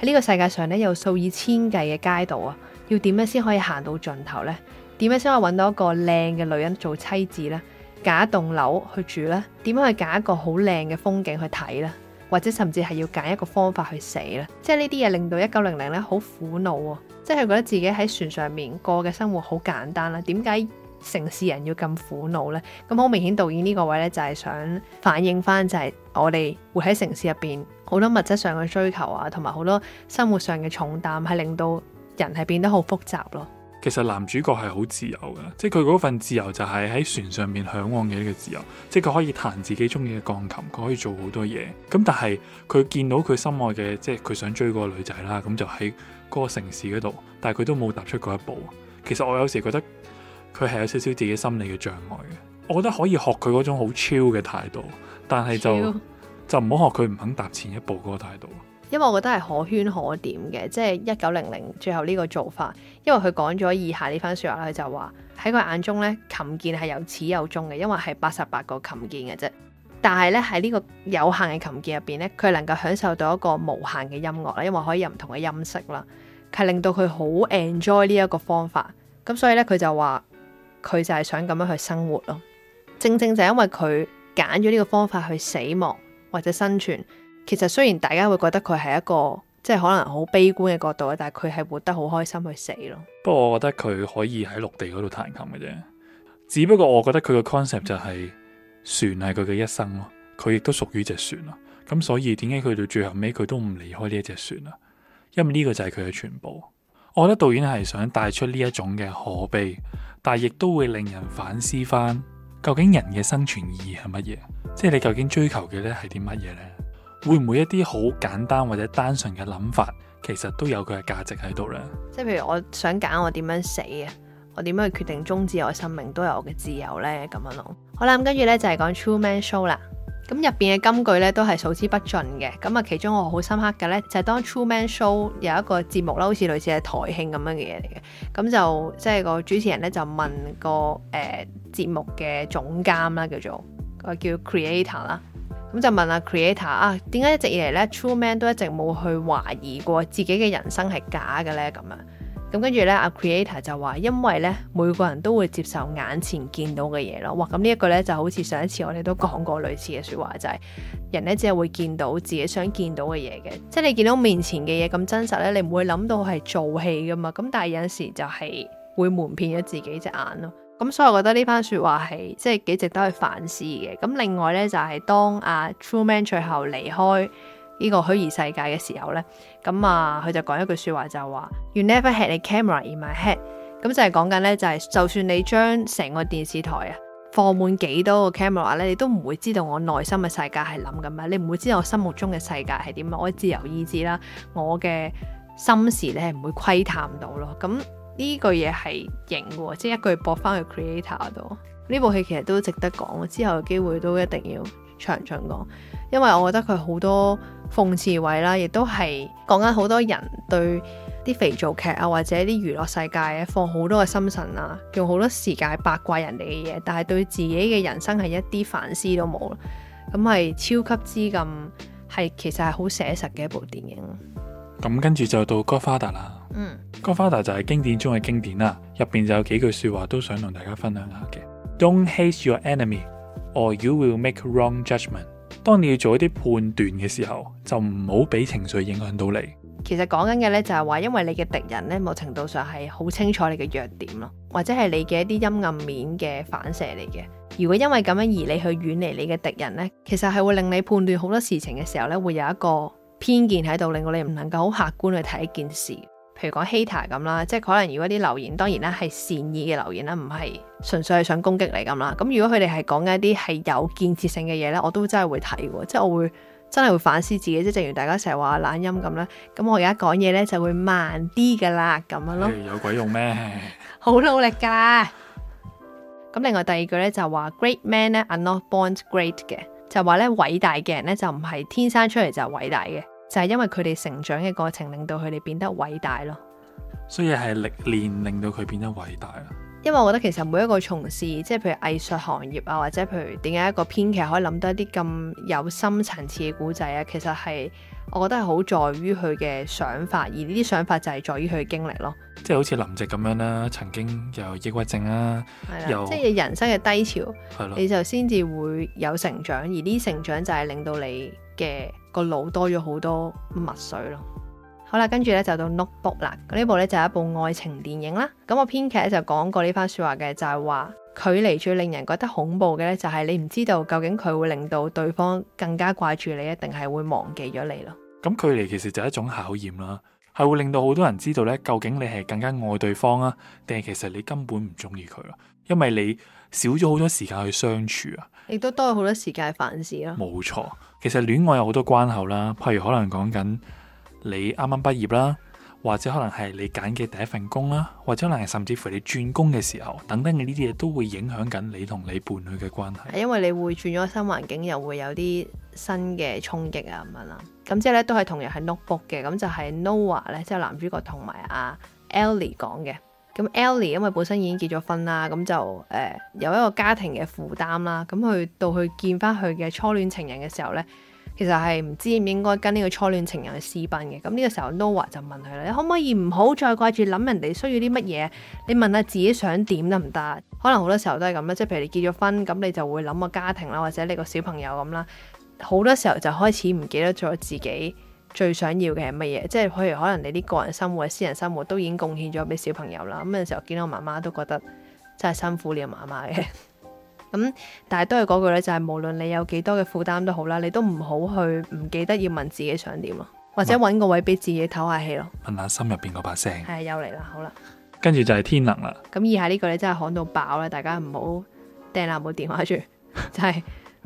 喺呢個世界上呢，有數以千計嘅街道啊，要點樣先可以行到盡頭呢？點樣先可以搵到一個靚嘅女人做妻子呢？揀一棟樓去住呢？點樣去揀一個好靚嘅風景去睇呢？或者甚至係要揀一個方法去死呢？即係呢啲嘢令到一九零零呢好苦惱啊！即係覺得自己喺船上面過嘅生活好簡單啦，點解城市人要咁苦惱呢？咁好明顯導演呢個位咧就係想反映翻，就係我哋活喺城市入邊好多物質上嘅追求啊，同埋好多生活上嘅重擔係令到人係變得好複雜咯。其實男主角係好自由嘅，即係佢嗰份自由就係喺船上面向往嘅一個自由，即係佢可以彈自己中意嘅鋼琴，佢可以做好多嘢。咁但係佢見到佢心愛嘅，即係佢想追嗰個女仔啦，咁就喺嗰個城市嗰度，但係佢都冇踏出嗰一步。其實我有時覺得佢係有少少自己心理嘅障礙嘅。我覺得可以學佢嗰種好 chill 嘅態度，但係就 Chill. 就唔好學佢唔肯踏前一步嗰個態度。因為我覺得係可圈可點嘅，即係一九零零最後呢個做法。因為佢講咗以下呢番説話，佢就話喺佢眼中咧，琴鍵係有始有終嘅，因為係八十八個琴鍵嘅啫。但係咧喺呢個有限嘅琴鍵入邊咧，佢能夠享受到一個無限嘅音樂啦，因為可以有唔同嘅音色啦，係令到佢好 enjoy 呢一個方法。咁所以咧佢就話佢就係想咁樣去生活咯。正正就係因為佢揀咗呢個方法去死亡或者生存。其實雖然大家會覺得佢係一個即係可能好悲觀嘅角度啊，但係佢係活得好開心去死咯。不過我覺得佢可以喺陸地嗰度彈琴嘅啫，只不過我覺得佢嘅 concept 就係、是、船係佢嘅一生咯。佢亦都屬於隻船咯，咁所以點解佢到最後尾佢都唔離開呢一隻船啊？因為呢個就係佢嘅全部。我覺得導演係想帶出呢一種嘅可悲，但係亦都會令人反思翻究竟人嘅生存意義係乜嘢？即係你究竟追求嘅咧係啲乜嘢呢？會唔會一啲好簡單或者單純嘅諗法，其實都有佢嘅價值喺度咧？即係譬如我想揀我點樣死啊，我點樣去決定終止我生命，都有我嘅自由咧，咁樣咯。好啦，咁跟住咧就係講 True Man Show 啦。咁入邊嘅金句咧都係數之不盡嘅。咁啊，其中我好深刻嘅咧，就係當 True Man Show 有一個節目啦，好似類似係台慶咁樣嘅嘢嚟嘅。咁就即係個主持人咧就問個誒節目嘅總監啦，叫做個叫 Creator 啦。咁就問阿 Creator 啊，點解一直以嚟咧 True Man 都一直冇去懷疑過自己嘅人生係假嘅咧？咁樣咁跟住咧，阿 Creator 就話：因為咧每個人都會接受眼前見到嘅嘢咯。哇！咁呢一個咧就好似上一次我哋都講過類似嘅說話，就係人咧只係會見到自己想見到嘅嘢嘅。即係你見到面前嘅嘢咁真實咧，你唔會諗到係做戲噶嘛。咁但係有陣時就係會蒙騙咗自己隻眼咯。咁所以我覺得呢番說話係即係幾值得去反思嘅。咁另外呢，就係、是、當阿、啊、Truman 最後離開呢個虛擬世界嘅時候呢，咁啊佢就講一句說話就係話：You never had a camera in my head。咁就係講緊呢，就係、是、就算你將成個電視台啊放滿幾多個 camera 咧，你都唔會知道我內心嘅世界係諗緊咩，你唔會知道我心目中嘅世界係點樣。我自由意志啦，我嘅心事你係唔會窺探到咯。咁。呢個嘢係型喎，即係一句駁翻去 creator 度。呢部戲其實都值得講，之後嘅機會都一定要長長講，因為我覺得佢好多諷刺位啦，亦都係講緊好多人對啲肥皂劇啊或者啲娛樂世界啊，放好多嘅心神啊，用好多時間八卦人哋嘅嘢，但係對自己嘅人生係一啲反思都冇咯。咁係超級之咁係其實係好寫實嘅一部電影。咁跟住就到 Godfather 啦。嗯 Godfather 就係經典中嘅經典啦。入邊就有幾句說話都想同大家分享下嘅。Don’t hate your enemy, or you will make wrong judgment。當你要做一啲判斷嘅時候，就唔好俾情緒影響到你。其實講緊嘅呢，就係話，因為你嘅敵人呢，某程度上係好清楚你嘅弱點咯，或者係你嘅一啲陰暗面嘅反射嚟嘅。如果因為咁樣而你去遠離你嘅敵人呢，其實係會令你判斷好多事情嘅時候呢，會有一個偏見喺度，令到你唔能夠好客觀去睇一件事。譬如講 hater 咁啦，即係可能如果啲留言當然啦，係善意嘅留言啦，唔係純粹係想攻擊你咁啦。咁如果佢哋係講緊一啲係有建設性嘅嘢咧，我都真係會睇喎，即係我會真係會反思自己。即正如大家成日話懶音咁啦，咁我而家講嘢咧就會慢啲噶啦，咁樣咯。有鬼用咩？好 努力㗎！咁另外第二句咧就係話 great men 咧 are not born great 嘅，就話咧偉大嘅人咧就唔係天生出嚟就係偉大嘅。就係因為佢哋成長嘅過程，令到佢哋變得偉大咯。所以係歷練令到佢變得偉大啦。因為我覺得其實每一個從事，即係譬如藝術行業啊，或者譬如點解一個編劇可以諗到一啲咁有深層次嘅古仔啊，其實係，我覺得係好在於佢嘅想法，而呢啲想法就係在於佢嘅經歷咯。即係好似林夕咁樣啦、啊，曾經有抑鬱症啦、啊，了又即係人生嘅低潮，了你就先至會有成長，而呢啲成長就係令到你嘅。個腦多咗好多墨水咯，好啦，跟住咧就到 notebook 啦。咁呢部咧就係一部愛情電影啦。咁、嗯、我編劇咧就講過呢番說話嘅，就係、是、話距離最令人覺得恐怖嘅咧，就係你唔知道究竟佢會令到對方更加掛住你，定係會忘記咗你咯。咁距離其實就一種考驗啦，係會令到好多人知道咧，究竟你係更加愛對方啊，定係其實你根本唔中意佢啊，因為你。少咗好多時間去相處啊，亦都多咗好多時間去反思啦。冇錯，其實戀愛有好多關口啦，譬如可能講緊你啱啱畢業啦，或者可能係你揀嘅第一份工啦，或者可能係甚至乎你轉工嘅時候等等嘅，呢啲嘢都會影響緊你同你伴侶嘅關係。因為你會轉咗新環境，又會有啲新嘅衝擊啊咁樣啦。咁之後咧都係同樣係 notebook 嘅，咁就係 Noah 咧，即係男主角同埋阿 Ellie 講嘅。咁 Ellie 因為本身已經結咗婚啦，咁就誒、欸、有一個家庭嘅負擔啦。咁去到去見翻佢嘅初戀情人嘅時候咧，其實係唔知應唔應該跟呢個初戀情人去私奔嘅。咁呢個時候 Noah 就問佢咧，你可唔可以唔好再掛住諗人哋需要啲乜嘢？你問下自己想點得唔得？可能好多時候都係咁啦。即係譬如你結咗婚，咁你就會諗個家庭啦，或者你個小朋友咁啦。好多時候就開始唔記得咗自己。最想要嘅係乜嘢？即係譬如可能你啲個人生活、私人生活都已經貢獻咗俾小朋友啦。咁有時候我見到我媽媽都覺得真係辛苦呢個媽媽嘅。咁 但係都係嗰句咧，就係、是、無論你有幾多嘅負擔都好啦，你都唔好去唔記得要問自己想點咯，或者揾喂個位俾自己唞下氣咯。問下心入邊嗰把聲。係又嚟啦，好啦。跟住就係天能啦。咁以下呢句咧真係戇到爆啦！大家唔好掟爛部電話住， 就係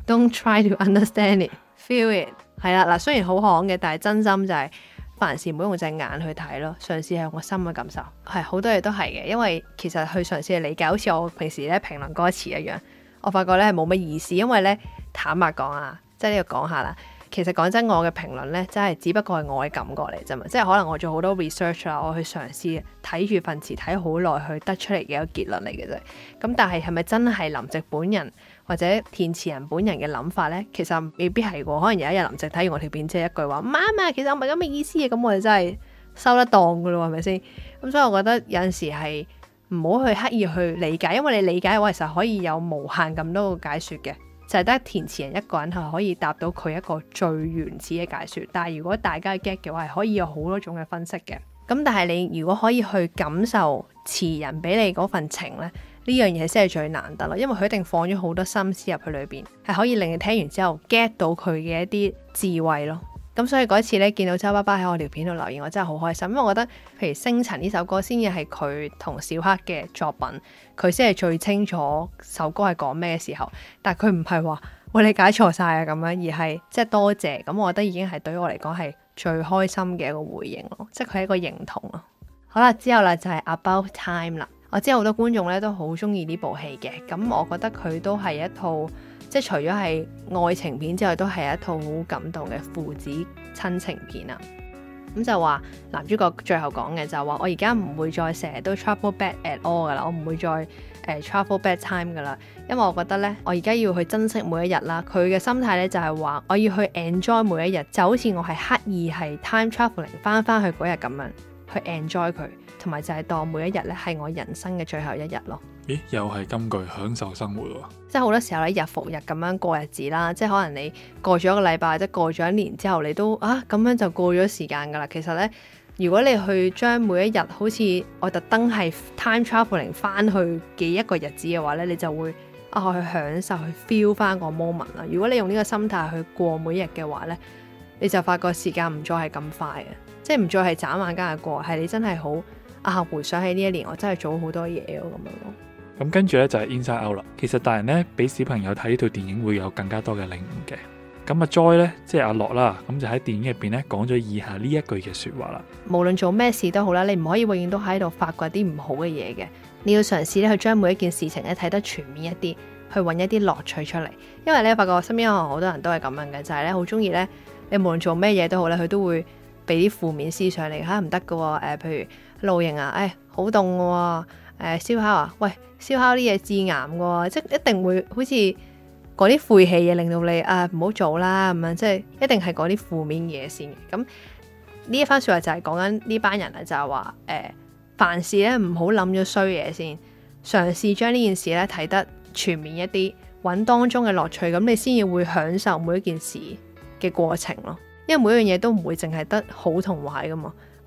，don't try to understand it, feel it. 係啦，嗱，雖然好戇嘅，但係真心就係、是、凡事唔好用隻眼去睇咯，嘗試係我心嘅感受，係好多嘢都係嘅。因為其實去嘗試去理解，好似我平時咧評論歌詞一樣，我發覺咧係冇乜意思，因為咧坦白講啊，即係呢度講下啦。其實講真，我嘅評論咧真係只不過係我嘅感覺嚟啫嘛，即係可能我做好多 research 啦，我去嘗試睇住份詞睇好耐，去得出嚟嘅一個結論嚟嘅啫。咁但係係咪真係林夕本人？或者填詞人本人嘅諗法呢，其實未必係喎，可能有一日林夕睇完我條片，即係一句話，唔係，其實我唔係咁嘅意思啊，咁我哋真係收得當噶咯，係咪先？咁所以我覺得有陣時係唔好去刻意去理解，因為你理解嘅話，其實可以有無限咁多個解説嘅，就係、是、得填詞人一個人係可以達到佢一個最原始嘅解説。但係如果大家 get 嘅話，係可以有好多種嘅分析嘅。咁但係你如果可以去感受詞人俾你嗰份情呢。呢樣嘢先係最難得咯，因為佢一定放咗好多心思入去裏邊，係可以令你聽完之後 get 到佢嘅一啲智慧咯。咁所以嗰次咧，見到周爸爸喺我條片度留言，我真係好開心，因為我覺得譬如《星辰》呢首歌先至係佢同小黑嘅作品，佢先係最清楚首歌係講咩嘅時候。但係佢唔係話你理解錯晒啊咁樣，而係即係多謝。咁我覺得已經係對於我嚟講係最開心嘅一個回應咯，即係佢係一個認同咯。好啦，之後啦就係 About Time 啦。我知好多觀眾咧都好中意呢部戲嘅，咁我覺得佢都係一套即係除咗係愛情片之外，都係一套好感動嘅父子親情片啊。咁就話男主角最後講嘅就話：我而家唔會再成日都 travel back at all 噶啦，我唔會、uh, 再誒 travel back time 噶啦。因為我覺得呢，我而家要去珍惜每一日啦。佢嘅心態呢，就係話：我要去 enjoy 每一日，就好似我係刻意係 time travelling 翻翻去嗰日咁樣去 enjoy 佢。同埋就係當每一日咧係我人生嘅最後一日咯。咦？又係金句，享受生活喎、啊。即係好多時候咧，日復日咁樣過日子啦。即係可能你過咗一個禮拜，或者過咗一年之後，你都啊咁樣就過咗時間噶啦。其實咧，如果你去將每一日好似我特登係 time traveling 翻去嘅一個日子嘅話咧，你就會啊去享受去 feel 翻個 moment 啦。如果你用呢個心態去過每一日嘅話咧，你就發覺時間唔再係咁快嘅，即係唔再係眨眼間就過，係你真係好。啊！回想起呢一年，我真係做好多嘢咯、啊，咁樣咯。咁跟住呢，就係、是、Inside Out 啦。其實大人呢，俾小朋友睇呢套電影，會有更加多嘅領悟嘅。咁阿 Joy 咧即係阿樂啦，咁就喺電影入邊呢講咗以下呢一句嘅説話啦。無論做咩事都好啦，你唔可以永遠都喺度發掘啲唔好嘅嘢嘅。你要嘗試呢，去將每一件事情呢睇得全面一啲，去揾一啲樂趣出嚟。因為呢，發覺我身邊好多人都係咁樣嘅，就係、是、呢好中意呢，你無論做咩嘢都好咧，佢都會俾啲負面思想你嚇唔得嘅喎。誒，譬如～露營啊，誒、哎，好凍喎！誒、呃，燒烤啊，喂，燒烤啲嘢致癌噶、哦，即係一定會好似嗰啲晦氣嘢，令到你啊唔好做啦，咁樣即係一定係嗰啲負面嘢先。咁呢一番説話就係講緊呢班人啊，就係話誒，凡事咧唔好諗咗衰嘢先，嘗試將呢件事咧睇得全面一啲，揾當中嘅樂趣，咁你先至會享受每一件事嘅過程咯。因為每樣嘢都唔會淨係得好同壞噶嘛。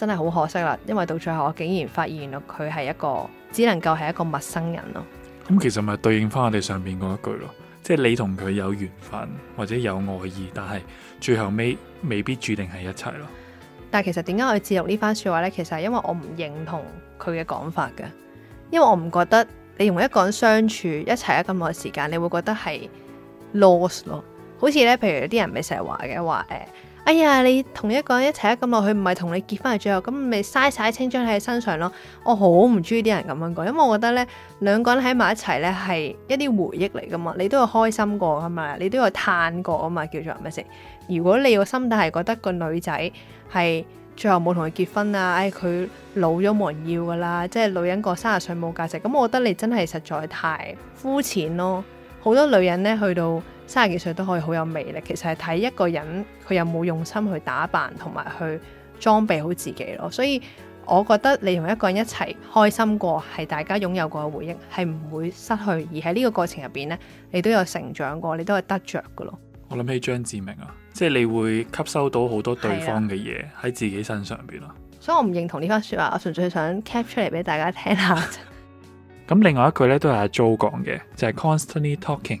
真係好可惜啦，因為到最後我竟然發現，原來佢係一個只能夠係一個陌生人咯。咁、嗯、其實咪對應翻我哋上邊嗰一句咯，即係你同佢有緣分或者有愛意，但係最後尾未，未必注定係一齊咯。但係其實點解我要節錄呢番說話呢？其實係因為我唔認同佢嘅講法噶，因為我唔覺得你同一個人相處一齊咗咁耐時間，你會覺得係 loss 咯。好似咧，譬如有啲人咪成日話嘅話，誒。呃哎呀，你同一個人一齊咁落去，唔係同你結婚，係最後咁咪嘥晒青春喺身上咯。我好唔中意啲人咁樣講，因為我覺得咧，兩個人喺埋一齊咧係一啲回憶嚟噶嘛，你都有開心過啊嘛，你都有嘆過啊嘛，叫做咩先？如果你個心態係覺得個女仔係最後冇同佢結婚啊，哎佢老咗冇人要噶啦，即係女人過三十歲冇價值，咁我覺得你真係實在太膚淺咯。好多女人咧去到。三十幾歲都可以好有魅力，其實係睇一個人佢有冇用心去打扮同埋去裝備好自己咯。所以我覺得你同一個人一齊開心過，係大家擁有過嘅回憶，係唔會失去。而喺呢個過程入邊呢，你都有成長過，你都係得着㗎咯。我諗起張志明啊，即係你會吸收到好多對方嘅嘢喺自己身上邊咯。的所以我唔認同呢番說話，我純粹想 cap 出嚟俾大家聽下。咁 另外一句呢，都係阿 Joe 講嘅，就係 Constantly talking。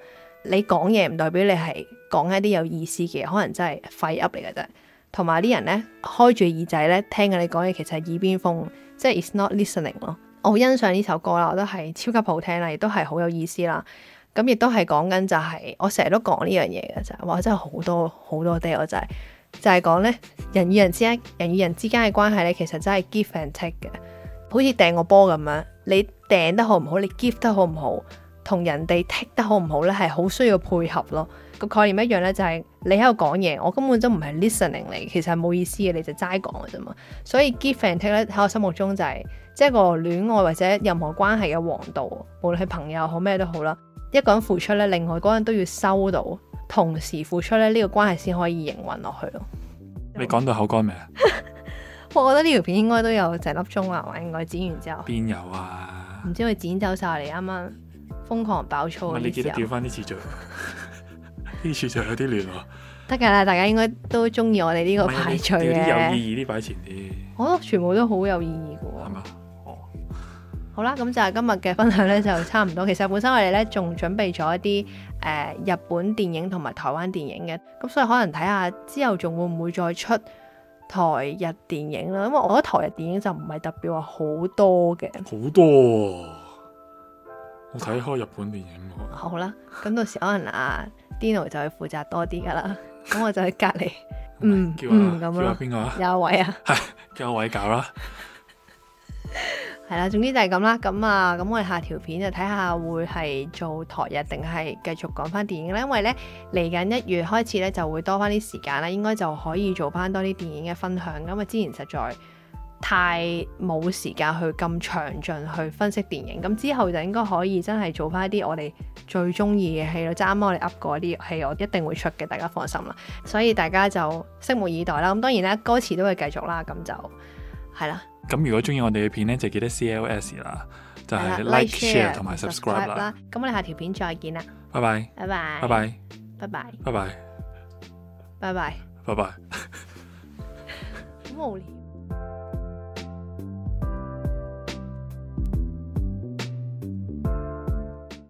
你講嘢唔代表你係講一啲有意思嘅，可能真係廢噏嚟嘅啫。同埋啲人咧開住耳仔咧聽緊你講嘢，其實係耳邊風，即係 it's not listening 咯。我好欣賞呢首歌啦，我覺得係超級好聽啦，亦都係好有意思啦。咁亦都係講緊就係、是、我成日都講呢樣嘢嘅啫，哇！真係好多好多爹，我就係、是、就係講咧人與人之間、人與人之間嘅關係咧，其實真係 give and take 嘅，好似掟個波咁樣，你掟得好唔好，你 give 得好唔好。同人哋 take 得好唔好咧，係好需要配合咯。個概念一樣咧，就係、是、你喺度講嘢，我根本都唔係 listening 你，其實係冇意思嘅，你就齋講嘅啫嘛。所以 give and take 咧喺我心目中就係、是、即係個戀愛或者任何關係嘅王道，無論係朋友好咩都好啦。一個人付出咧，另外嗰人都要收到，同時付出咧，呢、這個關係先可以營運落去咯。你講到口乾未啊？ 我覺得呢條片應該都有成粒鐘啊，我應該剪完之後邊有啊？唔知佢剪走晒你啱啱。剛剛瘋狂爆粗嘅時候，你記得調翻啲次序，呢次序就有啲亂喎。得噶啦，大家應該都中意我哋呢個排序嘅。調啲有意義啲擺呢前啲。我覺得全部都好有意義嘅。係嘛、嗯？哦，好啦，咁就係今日嘅分享咧，就差唔多。其實本身我哋咧仲準備咗一啲誒、呃、日本電影同埋台灣電影嘅，咁所以可能睇下之後仲會唔會再出台日電影啦。因為我我覺得台日電影就唔係特別話好多嘅。好多。我睇開日本電影， 好啦，咁到時可能阿 Dino 就會負責多啲噶啦，咁 我就喺隔籬，嗯是嗯，叫阿邊個啊？有位啊，係叫阿位搞啦，係啦，總之就係咁啦，咁啊，咁我哋下條片就睇下會係做台日定係繼續講翻電影咧，因為咧嚟緊一月開始咧就會多翻啲時間啦，應該就可以做翻多啲電影嘅分享，咁啊之前實在，太冇時間去咁詳盡去分析電影，咁之後就應該可以真係做翻一啲我哋最中意嘅戲咯。就啱啱我哋 Up 過啲戲，我一定會出嘅，大家放心啦。所以大家就拭目以待啦。咁當然咧，歌詞都會繼續啦。咁就係啦。咁如果中意我哋嘅片咧，就記得 CLS 啦，就係 Like、Share 同埋 Subscribe 啦。咁我哋下條片再見啦。拜拜。拜拜。拜拜。拜拜。拜拜。拜拜。拜拜。冇理。